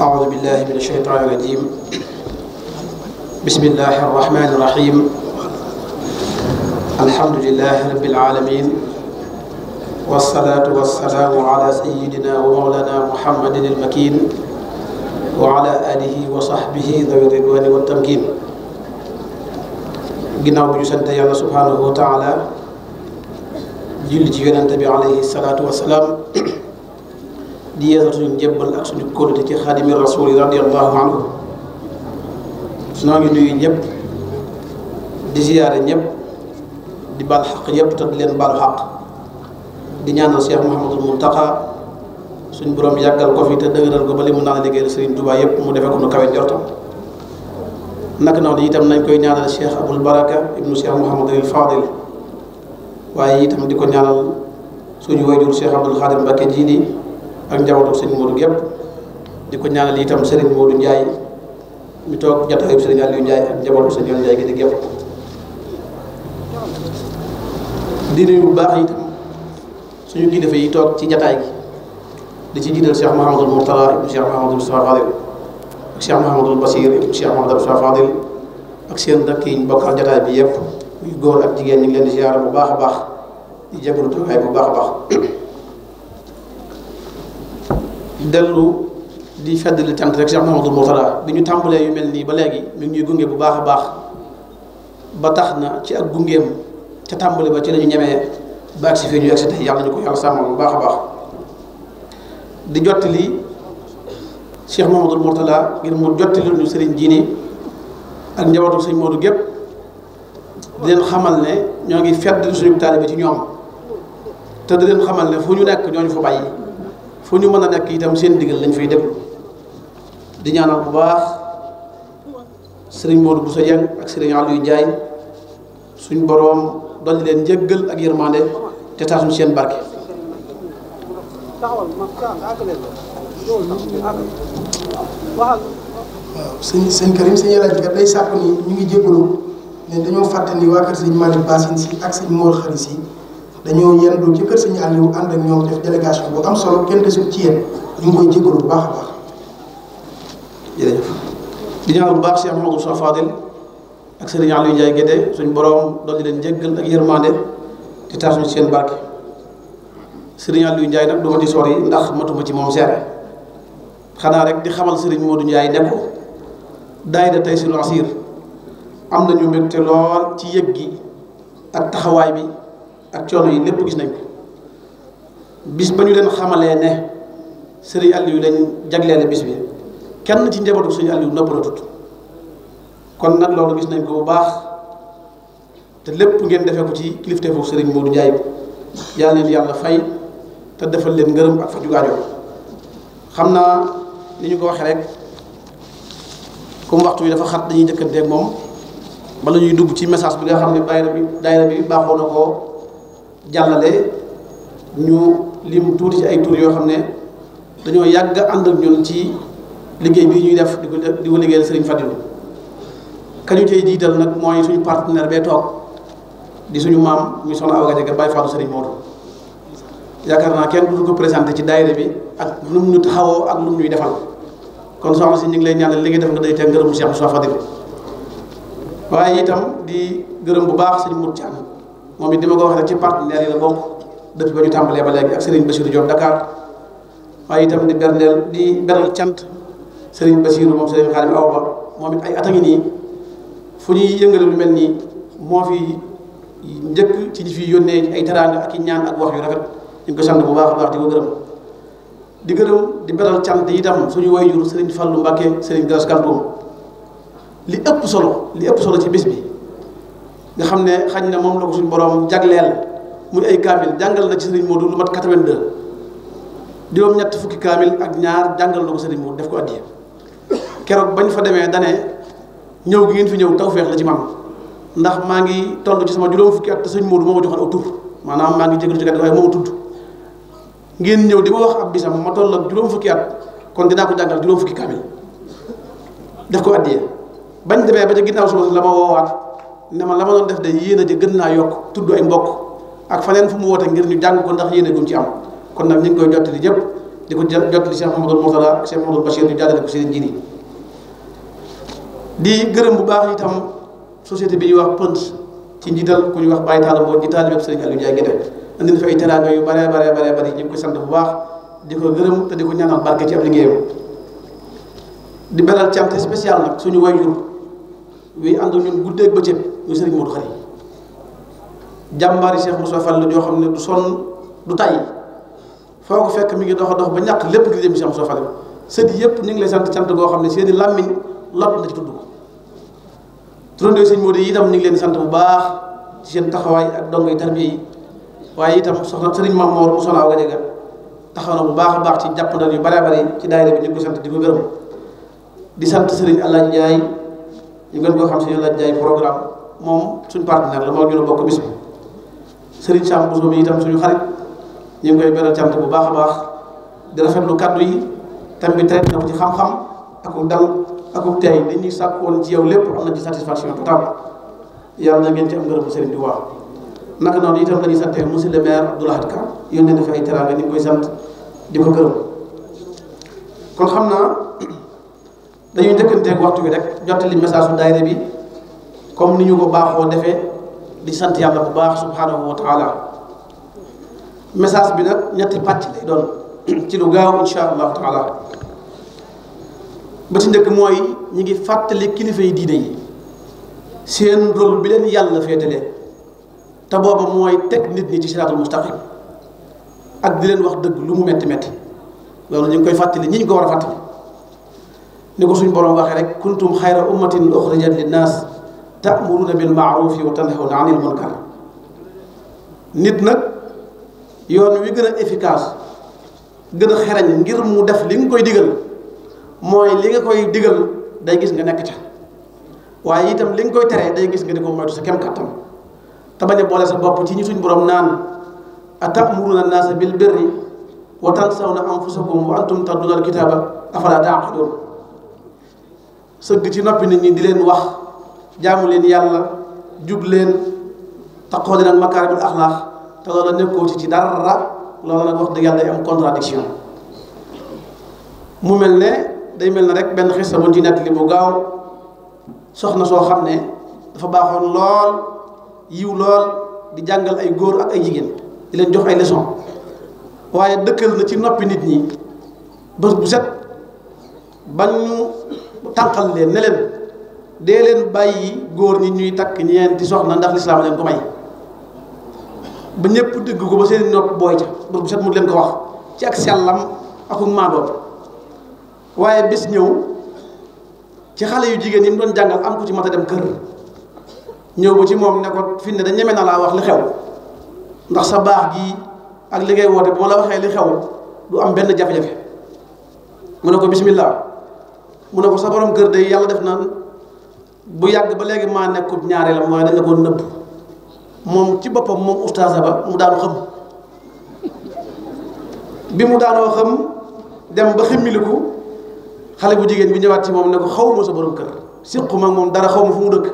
أعوذ بالله من الشيطان الرجيم بسم الله الرحمن الرحيم الحمد لله رب العالمين والصلاة والسلام على سيدنا ومولانا محمد المكين وعلى آله وصحبه ذوي الرضوان والتمكين ginnaaw bi ñu sant yàlla subhanahu wa taala julli ci yonente bi alayhi salaatu wasalaam di yeesal suñu njëbbal ak suñu kóolute ci xaadimi rasuli radiallahu anhu noo ngi nuyu ñëpp di ziyaare ñëpp di baal xaq ñëpp te di leen baal xaq di ñaanal Cheikh Mouhamadul borom yàggal ko fi te dëgëral ko ba li mu naan liggéeyal Serigne yëpp mu defee ko nu kawe njortam naka noonu itam nañ koy ñaanal Cheikh Abul Baraka ibnu Cheikh Mouhamadul Fadil waaye itam di ko ñaanal suñu woy wayjur Cheikh Abdoul Xaadir Mbacké jii nii ak njabootu sëñ Modou yëpp di ko ñaanal itam sëriñ Modou njaay mi toog jotaayu sëriñ Aliou Ndiaye ak njabootu sëñ Ndiaye gi di yëpp di nuyu bu baax itam suñu kilifa yi toog ci jataay gi di ci jiital Cheikh Mahamadul Mourtala ibnu Cheikh Mahamadul Moustapha Fadil ak Cheikh Mahamadul Basir ak seen rakk yi ñu bokkal jataay bi yëpp muy góor ak jigéen ñu ngi leen di ziyaara bu baax a baax di jégalu taxawaay bu baax a baax dellu di feddali cant rek a Mouhamadou Mourtada bi ñu tàmbalee yu mel nii ba léegi mi ñuy gunge bu baax a baax ba tax na ci ak gungeem ca tàmbali ba ci la ñu ñemee ba agsi fii ñu agsi tey yàlla ñu ko yàlla sàmmal bu baax a baax di jot jottali Cheikh Mouhamadou Mourtada ngir mu jottali ñu sëriñ jiini ak njabootu sëñ Modou gépp di leen xamal ne ñoo ngi feddali suñu bi ci ñoom te di leen xamal ne fu ñu nekk ñoo ñu fa bàyyi. fu ñu mën a nekk itam seen ndigal lañ fay déglu di ñaanal bu baax sëriñ Modou Bousso Dieng ak sëriñ Aliou Ndiaye suñ boroom dolli leen njëggal ak yërmande te taasuñ seen barke waaw sëñ sëñ Karim sëñ El Hadj day sàpp ni ñu ngi jégalu ne dañoo fàtte ni waa kër sëñ Malick Bassine si ak sëñ Mor Khary si dañoo yendu ci kër Sëriñ Aliou ànd ak ñoom def délégation bu am solo kenn desul ci yéen ñu ngi koy jégalu bu baax a baax di ñaan bu baax Cheikh Mamadou Sow Fadil ak Sëriñ Aliou suñ borom doon di leen jéggal ak yërmande seen barke Sëriñ Aliou Ndiaye nag du ma ci ndax matuma ci moom seere xanaa rek di xamal Sëriñ Modou Ndiaye ne ko daayira lu Assir am nañu mbégte lool ci yëg gi ak taxawaay bi ak coono yi lépp gis nañ ko bis ba ñu leen xamalee ne sëriñ Aliou lañ jagleele bis bi kenn ci njabootu sëriñ Aliou noppalatut kon nag loolu gis nañ ko bu baax te lépp ngeen defee ko ci kilifteefu sëriñ Modou Ndiaye yàlla leen yàlla fay te defal leen ngërëm ak fa jugaajoo xam naa ni ñu ko waxee rek comme waxtu yi dafa xat dañuy jëkkanteeg moom bala ñuy dugg ci message bi nga xam ne daayira bi daayira bi baaxoo na ko jàllale ñu lim tuuti ci ay tur yoo xam ne dañoo yàgg ànd ak ñun ci liggéey bii ñuy def di ko di ko liggéeyal Serigne Fadilou kañu cay jiital nag mooy suñu partenaire bee toog di suñu maam ñu soxna Awa Gadiaga Baye Fallou Serigne Modou yaakaar naa kenn du ko présenté ci daayira bi ak lu mu ñu taxawoo ak lu mu ñuy defal kon soxna si ñu ngi lay ñaanal li def nga day teg ngërëmu Cheikh Moussa Fadilou waaye itam di gërëm bu baax Serigne Modou am moom it di ma ko wax rek ci partenaire yi la bokk dëkk ba ñu tàmbalee ba léegi ak Serigne Bassirou Diop Dakar waaye itam di berndeel di beral cant sëriñ Bassirou moom Serigne Khadim aw moom it a ngi fu ñuy yëngale lu mel nii moo fi njëkk ci ñi fi yónnee ay teraanga ak i ñaan ak wax yu rafet ñu ko sant bu baax a baax di gërëm di gërëm di beral cant itam suñu wayjur Serigne Fallou Mbacké Serigne Gass Kaltoum li ëpp solo li ëpp solo ci bis bi nga xam ne xañ na moom la ko suñu borom jagleel muy ay kaamil jàngal na ci sëriñ Modou lu mat 82 juróom-ñett fukki kaamil ak ñaar jàngal na ko sëriñ Modou def ko addiya keroog bañ fa demee dane ñëw gi ngeen fi ñëw tawfeex la ci mam ndax maa ngi toll ci sama juróom fukki at te sëriñ Modou moo ma joxoon aw tur maanaam maa ngi jégalu ci gàtt waaye moo ma tudd ngeen ñëw di ma wax ab bisam ma toll ak juróom fukki at kon dinaa ko jàngal juróom fukki kaamil def ko addiya bañ demee ba ca ginnaaw suba la ma woowaat ne ma la ma doon def de yéen a ji gën naa yokk tudd ay mbokk ak faneen fu mu woote ngir ñu jàng ko ndax yéen a ci am kon nag ñu ngi koy jottali ñëpp di ko jottali Cheikh Mamadou Mourtada Cheikh Mamadou Bachir ñu jàllale ko gërëm bu baax itam société bi ñuy wax pënc ci njiital ku ñu wax Baye Talla Mbow di taalibe Serigne Aliou Ndiaye Guédé indi na fi ay teraanga yu bare bare bare bare ñu ngi koy sant bu baax di ko gërëm te di ko ñaanal barke ci ab liggéeyam di beral cant spécial nag suñu waajur wi ànd ak ñun guddeeg bëccëg muy sëriñ Modou Khari jàmbaari Cheikh Moussa Fall la joo xam ne du sonn du tàyyi foo ko fekk mi ngi dox dox ba ñàkk lépp ngi jëm Cheikh Moussa Fall sët yëpp ñu ngi lay sant sant goo xam ne seeni làmmiñ lott na ci tudd ko turandoo sëñ Modou yi itam ñu ngi leen sant bu baax ci seen taxawaay ak dongoy tarbiya yi waaye itam soxna sëriñ Mamour mu sonaaw ga jega taxaw na bu baax a baax ci jàpp ndal yi bare bare ci daayira bi ñu ko sant di ko gërëm di sant sëriñ Alaaji Njaay ñu gën koo xam si la jaay programme moom suñ partenaire la moo ñu bokk bis bi Serigne Sam Bousso mi itam suñu xarit ñu ngi koy beral cant bu baax a baax di lu kaddu yi tam bi traité na ko ci xam-xam akub dal akub tey li ñuy sàkkoon ci yow lépp am na ci satisfaction totale yàlla na ngeen ci am ngërëmu Serigne bi waaw naka noonu itam la ñuy sante monsieur le maire Abdoulahat Ka yónnee na fi ay teraanga ñu ngi koy sant di ko gërëm kon xam naa dañuy dëkkanteeg waxtu bi rek jottali message bu daayira bi comme ni ñu ko baaxoo defee di sant yàlla bu baax subhanahu wa message bi nag ñetti pàcc lay doon ci lu gaaw insha allah taala ba ci njëkk mooy ñu ngi fàttali kilifa yi diine yi seen rôle bi leen yàlla féetale te booba mooy teg nit ñi ci siraatul mustaqim ak di leen wax dëgg lu mu metti metti loolu ñu ngi koy fàttali ñi ñu ko war a fàttali ni ko suñ borom waxee rek kuntum xayra ummatin uxrijat linnaas ta'muruuna bil ma'ruufi wa tanhawna anil munkar nit nag yoon wi gën gën a xereñ mu def li nga koy digal mooy li nga koy digal day gis nga nekk ca waaye itam li nga koy teree day gis nga di ko moytu sa kem kàttan te a boole sa bopp ci ñi suñ borom naan atamuruna annaasa bil birri wa tansawna anfusakum wa antum tatluna alkitaaba afala taaqiluun sëgg ci noppi nit ñi di leen wax jaamu leen yàlla jub leen taqoo leen ak makaarimul axlaax te loola nekkoo ci ci dara loola nag wax dëgg yàlla day am contradiction mu mel ne day mel ne rek benn xista buñ ci nett li bu gaaw soxna soo xam ne dafa baaxoon lool yiw lool di jàngal ay góor ak ay jigéen di leen jox ay leçon waaye dëkkal na ci noppi nit ñi bés bu set bañ tànqal leen ne leen dee leen bàyyi góor ñi ñuy takk ñeenti soxna ndax lislaam leen ko may ba ñëpp dégg ko ba seen nopp booy ca bu set mu leen ko wax ci ak sellam ak maandoom waaye bis ñëw ci xale yu jigéen yi mu doon jàngal am ku ci mat a dem kër ñëw ba ci moom ne ko fi ne da ñeme na laa wax li xew ndax sa baax gi ak li ngay woote bu ma la waxee li xew lu am benn jafe-jafe mu ne ko bismillah mu ne ko sa boroom kër de yàlla def naan bu yàgg ba léegi maa nekkut ñaareelam waaye dañ la ko nëbb moom ci boppam moom ustaasa ba mu daanu xam bi mu daanoo xam dem ba ximmiliku xale bu jigéen bi ñëwaat ci moom ne xaw ma sa borom kër siqu ma moom dara xaw ma fu mu dëkk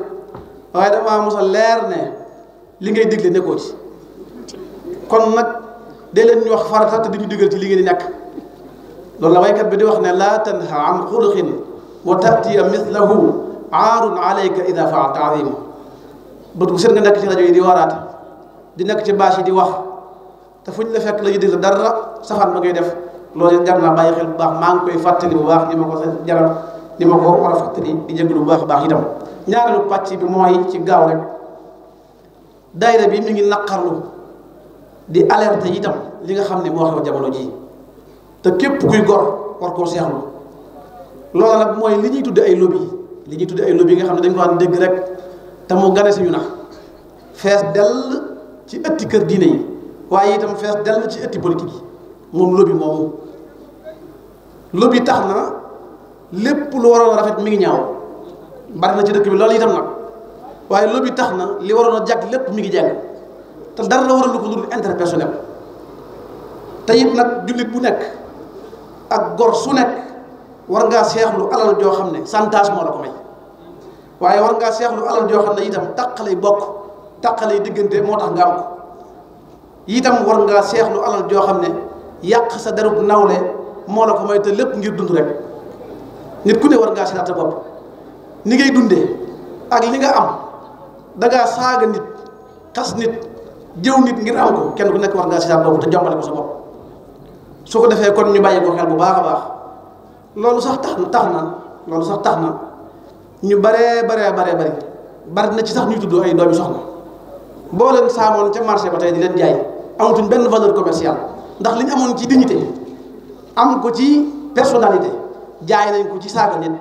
waaye damaa mos leer ne li ngay digle nekkoo ci kon nag dee leen ñu wax farata te di mu digal ci li ngeen di nekk loolu la waykat bi di wax ne laa tanha an xuluqin wa tatiya mithlahu aarun alayka ida faalta azima bët bu set nga nekk ci rajo yi di waaraate di nekk ci bâche yi di wax te fu ñu la fekk la ñu déglu dara safaan ba ngay def loolu it jar naa bàyyi xel bu baax maa ngi koy fàttali bu baax ni ma ko jaral ni ma ko war a fàttali di jégalu baax a baax itam ñaareelu pàcc bi mooy ci gaaw rek bi mi ngi naqarlu di alerte itam li nga xam ne moo jamono jii te képp kuy gor war koo seexlu loola nag mooy li ñuy tudde ay lobby li ñuy tudde ay lobby nga xam ne dañ ko daan dégg rek te mu gane suñu nax fees dell ci ëtti kër diine yi waaye itam fees dell ci ëtti politique yi moom lobby moomu lobby tax na lépp lu waroon a rafet mi ngi ñaaw bari na ci dëkk bi loolu itam nag waaye lobby tax na li waroon a jàkk lépp mi ngi jàng te dara la waral lu ko dul intérêt personnel te it nag jullit bu nekk ak gor su nekk war ngaa seexlu alal joo xam ne santage moo la ko may waaye war ngaa seexlu alal joo xam ne itam taqalay bokk taqalay diggante moo tax nga am ko itam war ngaa seexlu alal joo xam ne yàq sa derub nawle moo la ko may te lépp ngir dund rek nit ku ne war ngaa seetaat sa bopp ni ngay dunde ak li nga am dangaa saaga nit xas nit jëw nit ngir am ko kenn ku nekk war ngaa seetaat bopp te jombale ko sa bopp su ko defee kon ñu bàyyi ko xel bu baax a baax loolu sax tax tax na loolu sax tax na ñu baree bare baree bari bari na ci sax ñuy tudd ay doomi soxna boo leen saamoon ca marché ba tey di leen jaay amatuñ benn valeur commerciale ndax li ñu amoon ci dignité am ko ci personnalité jaay nañ ko ci saaga nit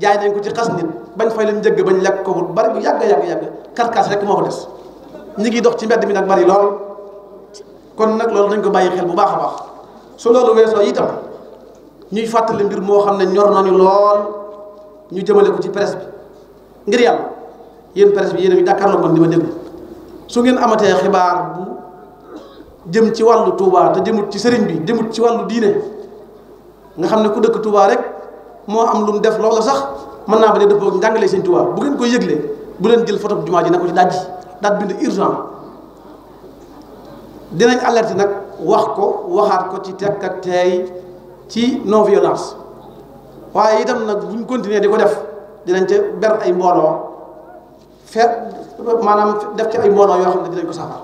jaay nañ ko ci xas nit bañ fay leen njëgg bañ lekk ko bu bari bu yàgg yàgg yàgg karkaas rek moo ko des ñi ngi dox ci mbedd mi nag bari lool kon nag loolu dañ ko bàyyi xel bu baax a baax su loolu weesoo itam ñuy fàttali mbir moo xam ne ñor nañu lool ñu jëmale ko ci presse bi ngir yàlla yéen presse bi yéen a ngi jàkkaarloo man di ma déglu su ngeen amatee xibaar bu jëm ci wàllu Touba te jëmut ci sëriñ bi jëmut ci wàllu diine nga xam ne ku dëkk Touba rek moo am lu mu def lool sax mën naa ba dee dëppoo njàngale seen Touba bu ngeen koy yëglee bu leen jël photo bu jumaa ji ne ko ci dajj daat bind urgent dinañ alerte nag wax ko waxaat ko ci tekk ak teey ci non violence waaye itam nag buñ continuer di ko def dinañ ca ber ay mbooloo feet maanaam def ci ay mbooloo yoo xam ne dinañ ko saafara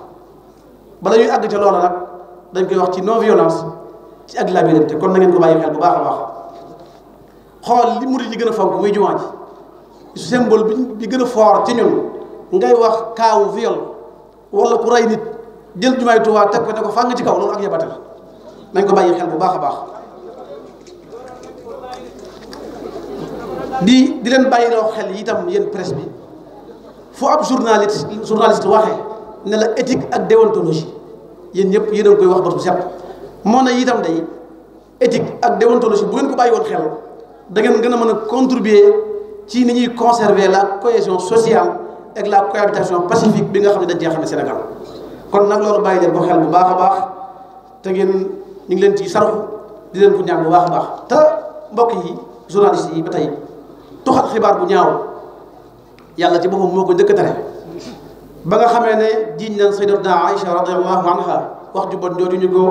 bala ñuy àgg ca loola nag dañ koy wax ci non violence ci ak labirinte kon na ngeen ko bàyyi xel bu baax a baax xool li murid yi gën a fonk muy jumaa ji symbole bi gën a fort ci ñun ngay wax kaawu viol wala ku rey nit jël jumaay Tuubaa teg ko ne ko fàng ci kaw loolu ak yabate la ko bàyyi xel bu baax a baax di di leen bàyyiloo xel itam yéen presse bi fu ab journaliste journaliste waxee ne la éthique ak déontologie yéen ñëpp yéen a ngi koy wax ba bu set moo ne itam day éthique ak déontologie bu ngeen ko bàyyi woon xel da ngeen gën mën a contribuer ci ni ñuy conserver la cohésion sociale ak la cohabitation pacifique bi nga xam ne dañ cee xam ne Sénégal kon nag loolu bàyyi leen ko xel bu baax a baax te ngeen ñu ngi leen ci sarxu di leen ko bu baax a baax te mbokk yi journaliste yi ba tey toxal xibaar bu ñaaw yàlla ci boppam moo ko njëkk a tere ba nga xamee ne jiiñ nañ sayyidatuna Aïcha radiyallahu anha wax ju bon jooju ñu ko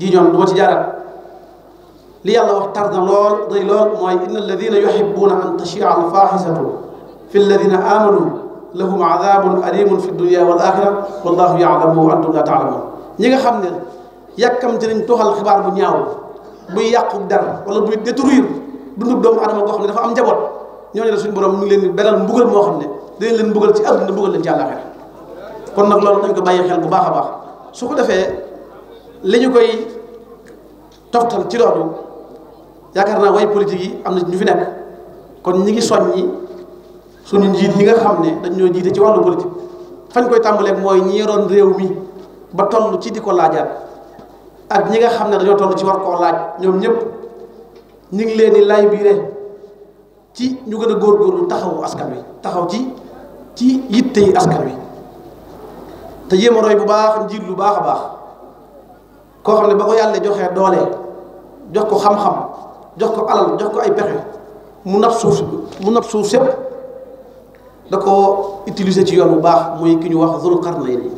jiiñoon du ma ci jaarat li yàlla wax tar na lool rëy lool mooy inna alladina yuhibbuna an tashia alfaxisatu fi alladina amanu lahum adabun alimun fi dunia wal axira wallahu yaalamu wa antum la taalamun ñi nga xam ne yàkkamte nañ toxal xibaar bu ñaaw buy yàqu dara wala buy détruire dundu doomu adama boo xam ne dafa am njaboot ñooñu la suñu borom mu ngi leen di beral mbugal moo xam ne dinañ leen mbugal ci àdduna mbugal leen ci àllaaxira kon nag loolu dañ ko bàyyi xel bu baax a baax su ko defee li ñu koy toftal ci loolu yaakaar naa way politique yi am na ñu fi nekk kon ñi ngi soññi suñu njiit ñi nga xam ne dañ ñoo jiite ci wàllu politique fañ koy tàmbaleeg mooy ñi yoroon réew mi ba toll ci di ko laajaat ak ñi nga xam ne dañoo toll ci war koo ñoom ñëpp ñi ngi leen di lay biire ci ñu gën a góor góorgóorlu taxawu askan wi taxaw ci ci yitte yi askan wi te jéem a roy bu baax njiit lu baax a baax koo xam ne ba ko yàlla joxee doole jox ko xam-xam jox ko alal jox ko ay pexe mu nab suuf mu nab suuf sépp da ko utiliser ci yoon bu baax muy ki ñu wax Zul Qarnayni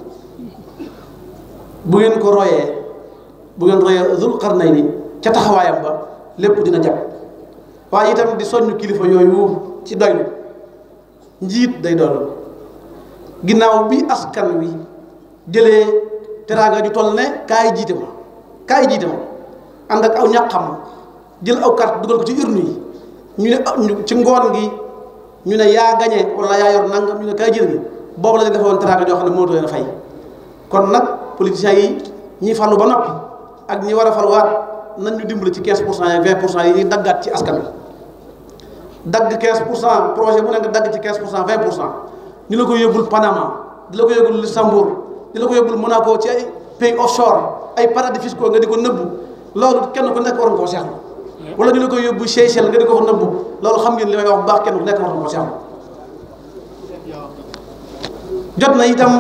bu ngeen ko royee bu ngeen royee Zul Qarnayni ca taxawaayam ba lépp dina jàpp waaye itam di soññ kilifa yooyu ci doylu njiit day doon ginnaaw bi askan wi jëlee teraanga ju toll ne kaay jiite ma kaay jiite ma ànd ak aw ñaqam jël aw carte dugal ko ci urne yi ñu ne ci ngoon gi ñu ne yaa gañe wala yaa yor nangam ñu ne kaay jël gi boobu la ñu defoon teraanga joo xam ne moo leen a fay kon nag politiciens yi ñi falu ba noppi ak ñu war a faluwaat nañ ñu dimbali ci 15 pour cent et 20 pour cent yi ñuy daggaat ci askan wi. dagg 15 pour cent projet bu nekk dagg ci 15 pour cent 20 pour cent ñu la ko yóbbul Panama di la ko yóbbul Luxembourg di la ko yóbbul Monaco ci ay pays offshore ay paradis fiscaux nga di ko nëbbu loolu kenn ku nekk war nga koo seexlu wala ñu la koy yóbbu Seychelles nga di ko fa nëbbu loolu xam ngeen li may wax bu baax kenn ku nekk war nga koo seexlu jot na itam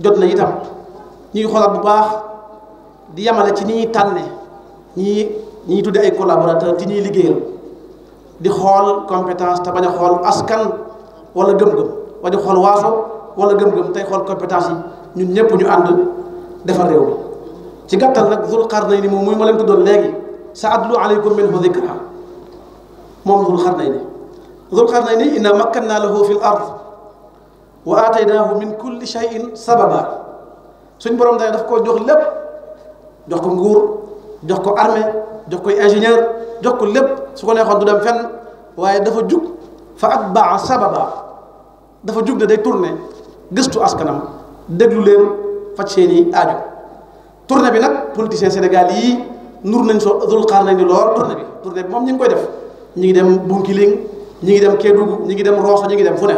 jot na itam ñuy xoolaat bu baax di yamale ci ni ñuy tànne ñi ñuy tudde ay collaborateurs ci ñuy liggéeyal di xool compétence te bañ a xool askan wala gëm-gëm bañ a xool waaso wala gëm-gëm tey xool compétence yi ñun ñëpp ñu ànd defar réew mi ci gàttal nag Zul Qarnayni moom muy ma leen tuddoon léegi sa adlu aleykum minhu dikra moom Zul Qarnayni Zul Qarnayni inna makkannaa lahu fil ard wa aataynaahu min kulli shay'in sababa suñ borom day daf koo jox lépp jox ko nguur jox ko armée jox koy ingénieur jox ko lépp su ko neexoon du dem fenn waaye dafa jug fa atbaa sababa dafa jug ne day tourné gëstu askanam déglu leen faj seen i aajo bi nag politiciens Sénégal yii nur nañ soo dul xaar nañ ni lool tourné bi moom ñu ngi koy def ñi ngi dem Bunkiling ñu ngi dem Kédougou ñu ngi dem Rosso ñi ngi dem fu ne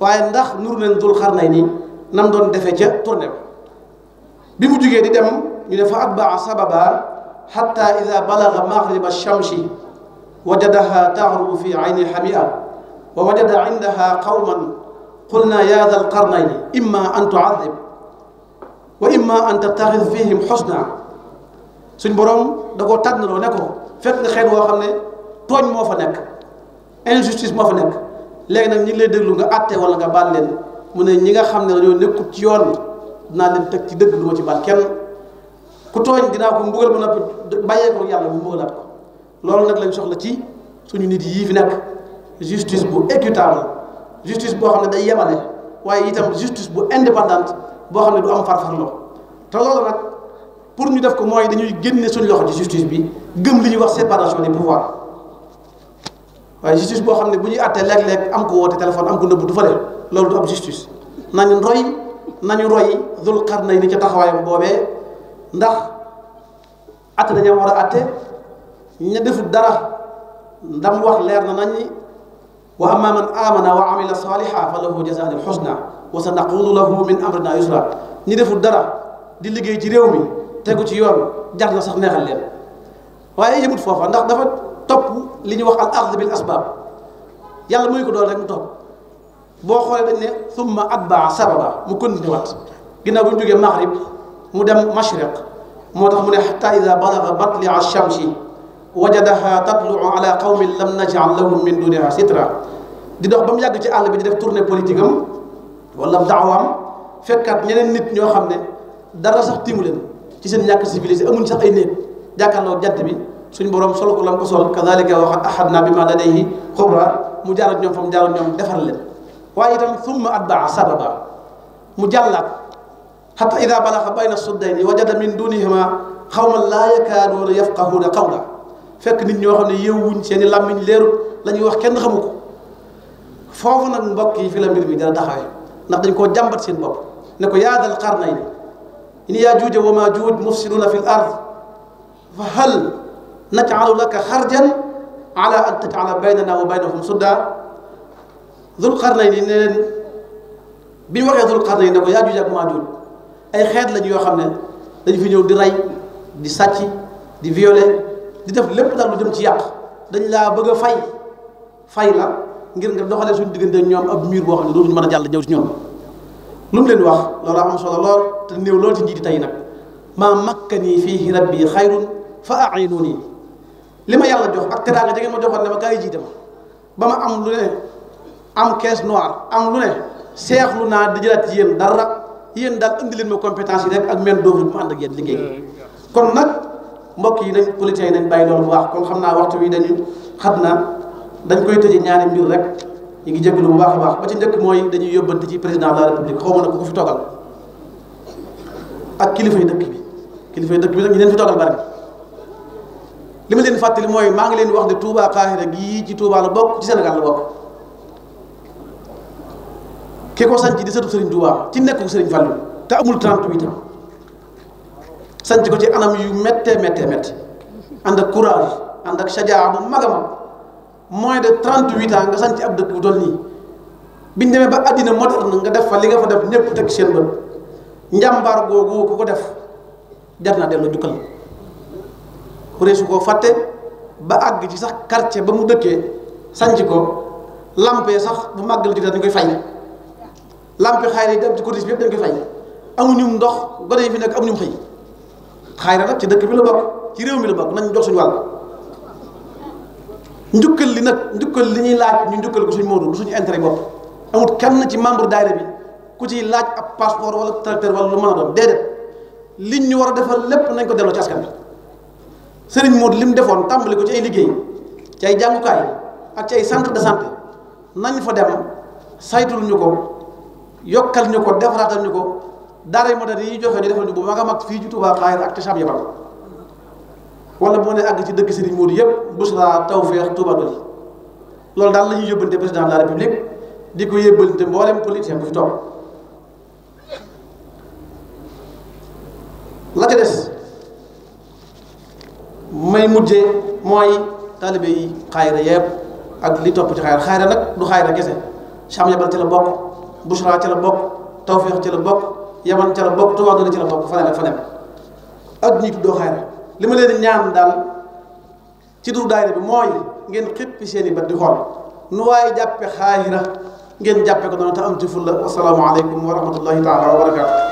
waaye ndax nur nañ dul xaar nañ ni nam doon defee ca tourné bi bi mu jugee di dem ñu ne fa atbaa sababa xatta ida balaga magriba shamsi wajadaha taxrubu fi ayni xamia wa wajada indaha qawman qulna ya dha alqarnayni imma an tuadib wa imma an tattaxid fihim xusna suñ boroom da koo tànnaloo ne ko fekk nga xeet woo xam ne tooñ moo fa nekk injustice moo fa nekk léegi nag ñi ngi lay déglu nga àtte wala nga baal leen mu ne ñi nga xam ne dañoo nekkut ci yoon dinaa leen teg ci dëgg du ma ci baal kenn ku tooñ dinaa ko mbugal ba noppi bàyyee ko yàlla mu mbugalaat ko loolu nag lañ soxla ci suñu nit yii fi nekk justice bu équitable justice boo xam ne day yemale waaye itam justice bu indépendante boo xam ne du am farfarloo te loolu nag pour ñu def ko mooy dañuy génne suñu loxo ci justice bi gëm li ñuy wax séparation des pouvoirs waaye justice boo xam ne bu ñuy àttee léeg-léeg am ko woote téléphone am ko nëbb du fa loolu du am justice nañu roy nañu roy Dul Qarnayni ca taxawaayam boobee. ndax atte dañoo war a atte ña deful dara ndam wax leer na nañ ni wa amma man amana wa amila saliha fa lahu jazaan al xusna wa sa naqulu lahu min amrina yusra ñi deful dara di liggéey ci réew mi tegu ci yoon jar na sax neexal leen waaye yëmut foofa ndax dafa topp li ñuy wax al axd bil asbab yàlla ko doon rek mu topp boo xoolee dañ ne summa atbaa sababa mu continué waat ginnaaw bu ñu jógee maghrib mu dem mashriq moo tax mu ne xata ida balaga batlia shamsi wajadaha tatluu ala qawmin lam najal lahum min duniha sitra di dox ba mu yàgg ci àll bi di def tournée politique am wala daawaam fekkaat ñeneen nit ñoo xam ne dara sax tiimu leen ci seen ñàkk civilisé amuñ sax ay néeg jàkkaarloo jant bi suñ borom solo ko lam ko sol kadalika wax ahad naa bi ma ladayhi xubra mu jaarat ñoom fa mu jaarat ñoom defar leen waaye itam summa atbaa sababa mu jàllaat xata ida balaxa bayna suddayni wajada min dunihima xawman laa yakaaduuna yafqahuuna qawla fekk nit ñoo xam ne yeewuñ seen i làmmiñ leerut la ñuy wax kenn xamu ko foofu nag mbokk yi fi la mbir mi dana taxawee ndax dañ koo jàmbat seen bopp ne ko yaa dal qarnayni in yaajuuja wa maajuuj mufsiduuna fi l ard fa hal najcalu laka xarjan ala an tajcala baynana wa baynahum sudda dul qarnayni ne leen bi ñu waxee dul qarnayni ne ko yaajuuj ak maajuuj ay xeet lañ yoo xam ne dañ fi ñëw di rey di sàcc di violer di def lépp dal lu dem ci yàq dañ laa bëgg a fay fay la ngir nga doxalee suñu diggante ñoom ab mur boo xam ne dootuñu mën a jàll ñëw ci ñoom lu mu leen wax loolu am solo lool te néew lool ci njiiti tey nag maa makkani fiihi rabbi xayrun fa a'inuuni li ma yàlla jox ak teraanga ja ngeen ma joxoon ne ma gaa yi jiite ma ba ma am lu ne am caisse noire am lu ne seexlu naa di jëlaat ci yéen dara yéen daal indi leen ma compétence yi rek ak main d'oeuvre bi mu ànd ak yéen liggéey kon nag mbokk yi nañ politiciens yi nañ bàyyi loolu bu kon xam naa waxtu wi dañu xam na dañ koy tëjee ñaari mbir rek ñu ngi jégalu bu baax a baax ba ci njëkk mooy dañuy yóbbante ci président de la république xaw ma na ko fi toogal ak kilifay dëkk bi kilifay dëkk bi nag ñu leen fi toogal bari li ma leen fàttali mooy maa ngi leen wax ne Touba Qahira gii ci Touba la bokk ci Sénégal la ki ko sanc di sëtu Serigne Touba ci nekk ko Serigne Fallou te amul 38 ans sanc ko ci anam yu méttee méttee méttee ànd ak courage ànd ak sajaa bu mag a mag de 38 ans nga sanc ab dëkk bu toll nii biñ demee ba àddina moderne nga def fa li nga fa def ñëpp teg seen bët njàmbaar googu ku ko def jar naa dem na jukkal ku su koo fàtte ba àgg ci sax quartier ba mu dëkkee sanc ko lampe sax bu màggal jot dañ koy fay. lampi xayra yi dem ci corniche bi yëpp dañ koy fay amuñu ndox gone yi fi nekk amuñu xëy xayra nag ci dëkk bi la bokk ci réew mi la bokk nañ jox suñu wàll njukkal li nag njukkal li ñuy laaj ñu njukkal ko suñu moodu du suñu intérêt bopp amul kenn ci membre daayira bi ku ciy laaj ab passeport wala tracteur wala lu mën a doon déedéet liñ ñu war a defar lépp nañ ko delloo ci askan bi sëriñ Moodu li mu defoon tàmbali ko ci ay liggéey ci ay jàngukaay ak ci ay centre de santé nañ fa dem saytul ko yokkal ñu ko defaraatal ñu ko daara moderne yi joxe ñu defal ñu bu mag a mag fii ci Touba Xaayar ak Tcham yabal wala boo nee àgg ci dëkk Serigne Modou yëpp Bouchra Tawfeex Touba Doli loolu daal lañuy ñuy yóbbante président de république di ko yóbbante mboolem politicien bu fi toog la ca des may mujjee mooy taalibe yi Xaayara yëpp ak li topp ci Xaayara Xaayara nag du Xaayara kese Tcham yabal ci la bokk. bushra ci la bokk tawfiq ci la bokk yaman ci la bokk tubaab ci la bokk faneen ak faneen ak ñi tuddoo xayra li ma leen ñaan daal ci du daayira bi mooy ngeen xippi seen i bët di xool nu waaye jàppe xaayira ngeen jàppe ko noonu te am ci fulla wasalaamu aleykum wa rahmatullahi taala wa